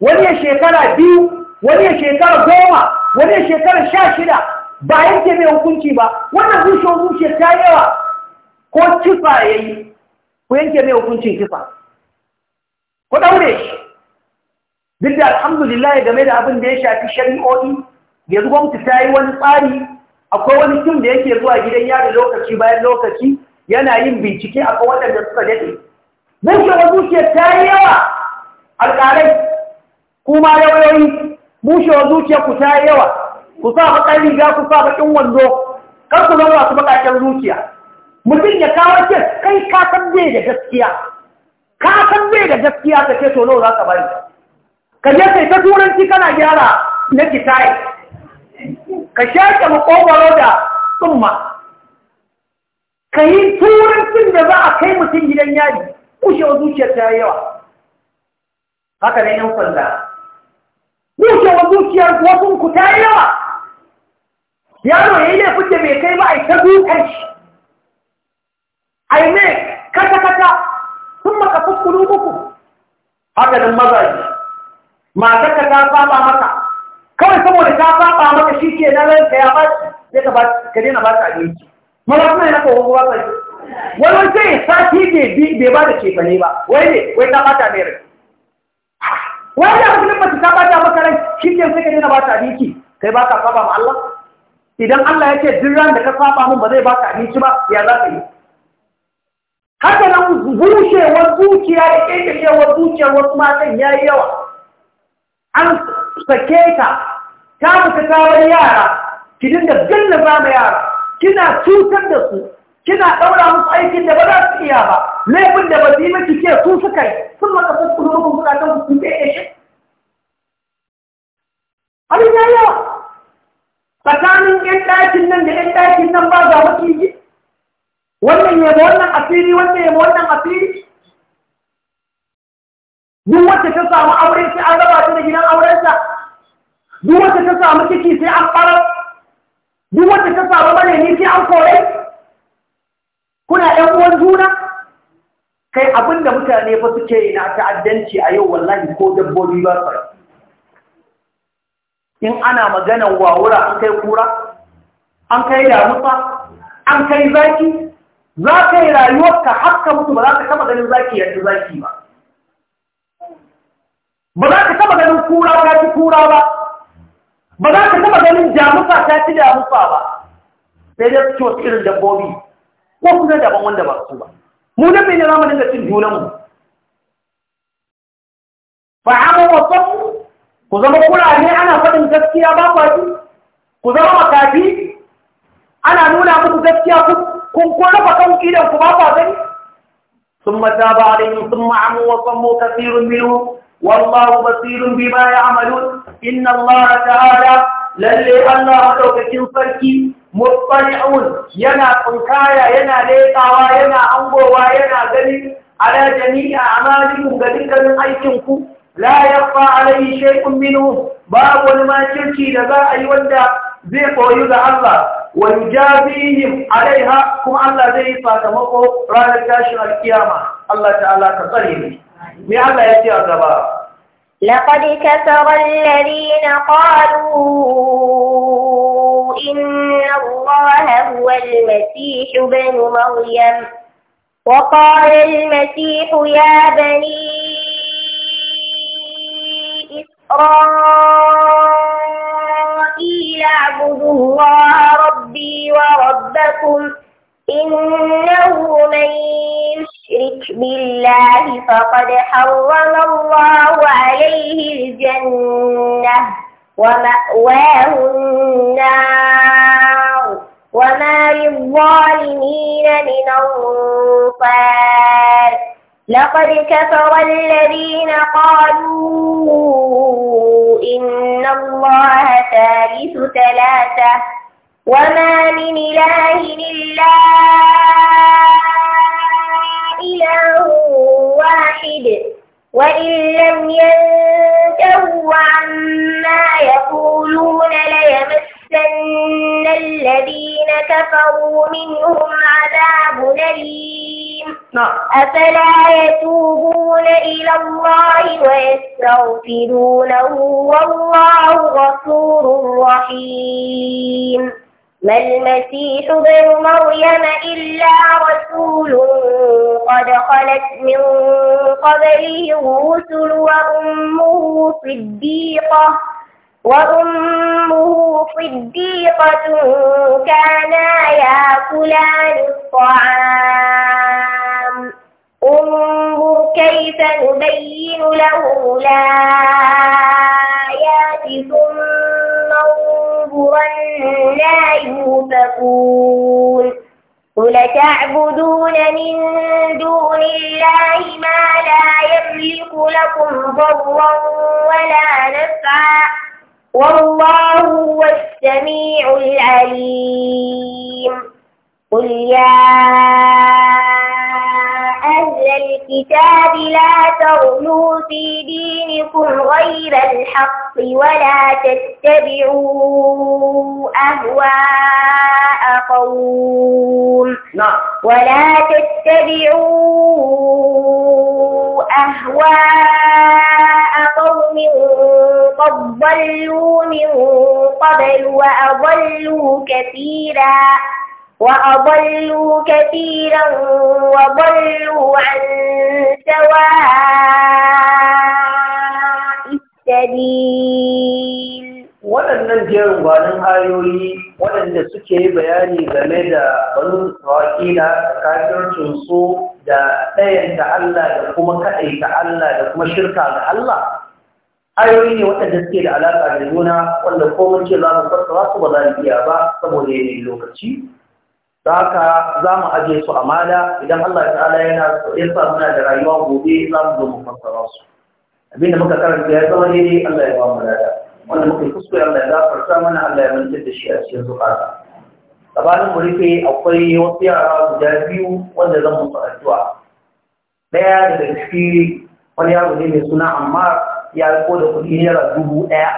wani ya shekara biyu wani ya shekara goma wani ya shekara sha shida ba yanke mai hukunci ba wannan zuciyar zuciyar ta yawa ko kifa ya yi Ko yanke mai hukuncin kifa Ko daure shi duk da alhamdulillah game da abin da ya shafi shari'o'i yanzu gwamnati ta yi wani tsari akwai wani tun da yake zuwa gidan yari lokaci bayan lokaci yana yin bincike akwai waɗanda suka daɗe bushewar zuciyar ta yi yawa alƙalai kuma lauyoyi bushewar zuciyar ku ta yawa ku sa baƙar riga ku sa baƙin wando kar ku zama su baƙaƙen zuciya mutum ya kawo ce kai ka san bai da gaskiya ka san bai da gaskiya ka ce to nawa za ka bari ka je kai ta turanci kana gyara na kitaye ka shaƙe makogwaro da tsumma ka yi turancin da za a kai mutum gidan yari kushewa zuciyar ta yawa haka ne yan kwalla wa zuciyar wasu ku ta yawa yaro ya yi laifin da mai kai ba a yi ta dukan shi a yi mai kata-kata sun maka fukuru uku haka nan mazaji ka ta saba maka kawai saboda ta saba maka shi ke na ka ya shi sai ka ka daina ba ta abinci mana kuma yana kawo ruwa shi wani wani sai sati bai ba da cefane ba wai ne wai ta bata mai rai wai da wani mace ta bata maka rai shi ke sai ka daina ba ta abinci kai ba ka saba ma Allah idan Allah ya ce duk da ka saba min ba zai baka abinci ba ya za ka yi haka nan bushewar zuciya da kekashewar zuciyar wasu matan ya yi yawa an sake ta ta fita tawar yara ki dinga na zama yara kina cutar da su kina ɗaura musu aikin da ba za su iya ba laifin da ba su yi maki ke su suka yi sun maka kuskuru rukun kuɗaɗen su sun shi. abin ya yi yawa tsakanin ƴan ɗakin nan da ƴan ɗakin nan ba ga wakili wannan yabo wannan asiri wannan yabo wannan asiri duk wacce ta samu aure sai an raba ta da gidan aurensa duk wacce ta samu ciki sai an ɓarar duk wacce ta samu ni sai an kore kuna ƴan uwan juna kai abin da mutane fa suke yi na ta'addanci a yau wallahi ko dabbobi ba su in ana maganan wawura an kai kura an kai damusa an kai zaki za ka yi rayuwarka haka mutu ba za ka taba ganin zaki yadda zaki ba ba za ka taba ganin kura ta ci kura ba ba za ka taba ganin damusa ta ci damusa ba sai dai su irin dabbobi ko kuma daban wanda ba su ba mu da bai ne za mu dinga cin junanmu fa'amu wasan ku zama kurare ana faɗin gaskiya ba kwaji ku zama makafi ana nuna muku gaskiya kun kone ba kan idan ku ba kwa gani sun mata ba da yi sun ma'amu wa sammo kasirin biyu wallahu basirin bi ba ya amalu inna allah ta'ala lalle allah madaukakin sarki mutsari'un yana tsinkaya yana leƙawa yana angowa yana gani ala jami'a amalin ga dukkanin aikinku لا يقع عليه شيء منه باب ما تركي لذا أي ودى ذيق ويدى الله ويجازيهم عليها كم الله ذي فاتمقه رانا كاشر القيامة الله تعالى كقريب من الله يأتي أغبار لقد كفر الذين قالوا إن الله هو المسيح بن مريم وقال المسيح يا بني إسرائيل اعبدوا الله ربي وربكم إنه من يشرك بالله فقد حرم الله عليه الجنة ومأواه النار وما للظالمين من أنصار لقد كفر الذين قالوا إن الله ثالث ثلاثة وما من إله إلا إله واحد وإن لم ينتهوا عما يقولون ليمسن الذين كفروا منهم عذاب أليم نعم. أفلا يتوبون إلى الله ويستغفرونه والله غفور رحيم ما المسيح ابن مريم إلا رسول قد خلت من قبله الرسل وأمه صديقة وأمه صديقة كانا يأكلان الطعام انظر كيف نبين لهم الآيات ثم انظر أنا يوفكون قل تعبدون من دون الله ما لا يملك لكم ضرا ولا نفعا والله هو السميع العليم قل يا أهل الكتاب لا تغلوا في دينكم غير الحق ولا تتبعوا أهواء قوم نعم. ولا تتبعوا أهواء قوم قد ضلوا من قبل وأضلوا كثيرا وأضلوا كثيرا وضلوا عن سواء السبيل waɗannan jerin gwanin ayoyi waɗanda suke yi bayani game da banu isra'ila tsakanin su da ɗayan da Allah da kuma kaɗai ta Allah da kuma shirka ga Allah ayoyi ne waɗanda suke da alaƙa da juna wanda ko mun ce za mu fassara su ba za iya ba saboda yanayin lokaci haka za mu ajiye su amana idan Allah ta'ala yana ya sa muna da rayuwa gobe za mu zo mu fassara su abinda muka karanta ya zama ne Allah ya ba mu lada wanda muka kuskure Allah ya gafarta mana Allah ya mantar da shi a cikin zukata gabanin mu rufe akwai wasu yara guda biyu wanda zan musu addu'a daya daga ciki wani yaro ne mai suna amma ya riko da kuɗi naira dubu ɗaya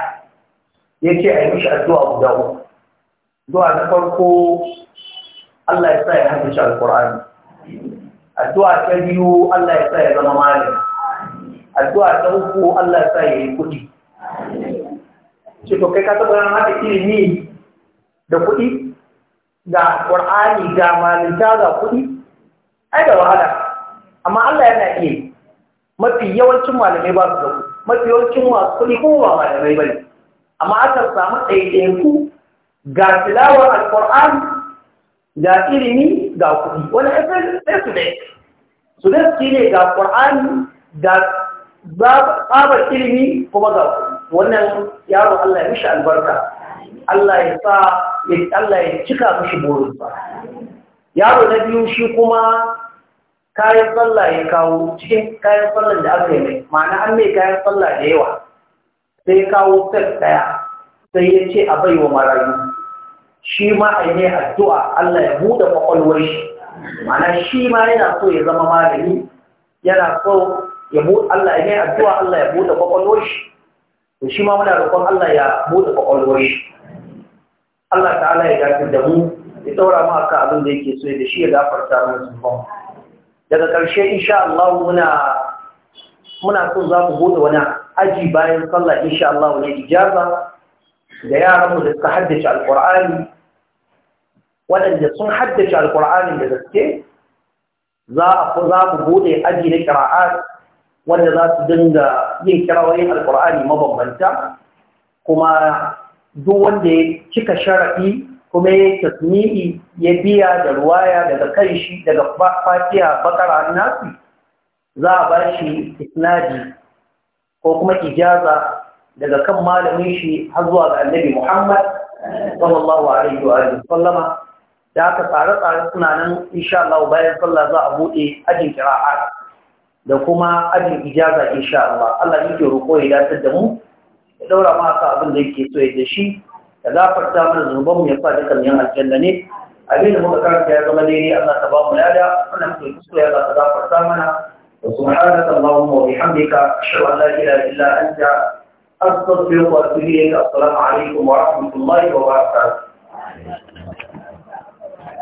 ya ce a yi mishi addu'a guda uku zuwa na farko Allah ya sa ya shi alqur'ani addu'a ta biyu Allah ya sa ya zama malami addu'a ta uku Allah ya sa ya yi kuɗi ce to kai ka taɓa ran haka ilimi da kuɗi ga qur'ani ga malinta ga kuɗi ai da wahala amma Allah yana iya mafi yawancin malamai ba su da kuɗi mafi yawancin masu kuɗi kuma ba malamai ba ne amma aka samu ɗaiɗaiku ga tilawar alqur'ani ga ilimi ga kuɗi wani sai su dai su dai su ne ga ƙwar'ani ga tsabar ilimi kuma ga kuɗi wannan yaro Allah ya mishi albarka Allah ya sa Allah ya cika mishi burinsa yaro na biyu shi kuma kayan sallah ya kawo cikin kayan sallah da aka yi mai ma'ana an mai kayan sallah da yawa sai kawo sel ɗaya sai ya ce a bai wa marayu shi ma a yi addu'a Allah ya buɗe kwakwalwar shi mana shi ma yana so ya zama malami yana so ya buɗe Allah ya yi addu'a Allah ya buɗe kwakwalwar shi to shi ma muna roƙon Allah ya buɗe kwakwalwar shi Allah ta'ala ya gafi da mu ya ɗaura mu akan abin da yake so da shi ya gafarta mana su daga ƙarshe insha Allah muna muna so za mu buɗe wani aji bayan sallah insha Allah wani ijaza da yaran mu da suka haddace alqur'ani waɗanda sun haddace alƙur'anin da gaske za mu buɗe aji na ƙira'a wanda za su dinga yin ƙirawoyin alƙur'ani mabambanta kuma duk wanda ya cika shara'i kuma ya tasmi'i ya biya da ruwaya daga kan shi daga fatiya bakara nasi za a ba shi isnadi ko kuma ijaza daga kan malamin shi har zuwa ga annabi muhammad sallallahu alaihi wa sallama da aka tsare-tsare suna nan insha Allah bayan sallah za a buɗe ajin kira'a da kuma ajin ijaza insha Allah Allah yake roƙo ya dace da mu ya daura ma ka abin da yake so ya da shi ya gafarta mana zunuban mu ya sa dukkan yan aljanna ne abin da muka karanta ya zama daidai Allah ta ba mu yada wannan muke kuskure Allah ta gafarta mana wa subhanaka allahumma wa bihamdika ashhadu an la ilaha illa anta astaghfiruka wa atubu ilayk assalamu alaikum wa rahmatullahi wa barakatuh